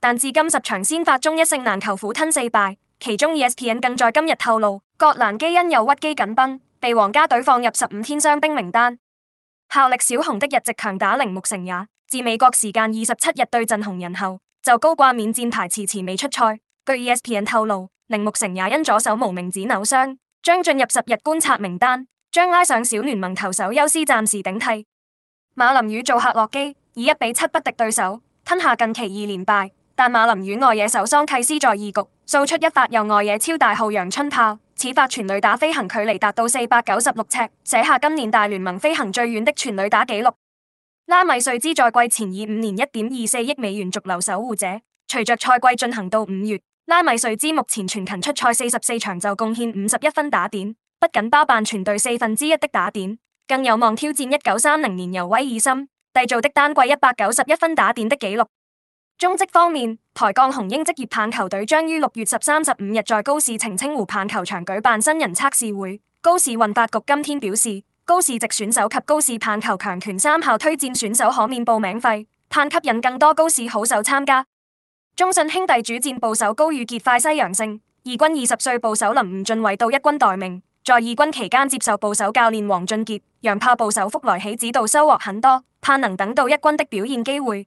但至今十場先發中一勝難求，苦吞四敗。其中 ESPN 更在今日透露，葛蘭基因右屈肌緊繃，被皇家隊放入十五天傷兵名單。效力小熊的日籍強打鈴木成也，自美國時間二十七日對陣紅人後，就高掛免戰牌，遲遲未出賽。據 ESPN 透露，鈴木成也因左手無名指扭傷，將進入十日觀察名單，將拉上小聯盟投手休斯暫時頂替。馬林魚做客洛磯，以一比七不敵對手，吞下近期二連敗。但馬林魚外野手桑契斯，在二局，掃出一發右外野超大號陽春炮，此發全壘打飛行距離達到四百九十六尺，寫下今年大聯盟飛行最遠的全壘打紀錄。拉米瑞茲在季前以五年一點二四億美元續留守護者，隨着賽季進行到五月，拉米瑞茲目前全勤出賽四十四場，就貢獻五十一分打點，不僅包辦全隊四分之一的打點，更有望挑戰一九三零年由威爾森締造的單季一百九十一分打點的紀錄。中職方面，台鋼雄鷹職業棒球隊將於六月十三、十五日在高市澄清湖棒球場舉辦新人測試會。高市運發局今天表示，高市籍選手及高市棒球強權三校推薦選手可免報名費，盼吸引更多高市好手參加。中信兄弟主戰捕手高宇杰快篩陽性，二軍二十歲捕手林吳晉偉到一軍待命。在二軍期間接受捕手教練王俊杰、洋砲捕手福來喜指導，收穫很多，盼能等到一軍的表現機會。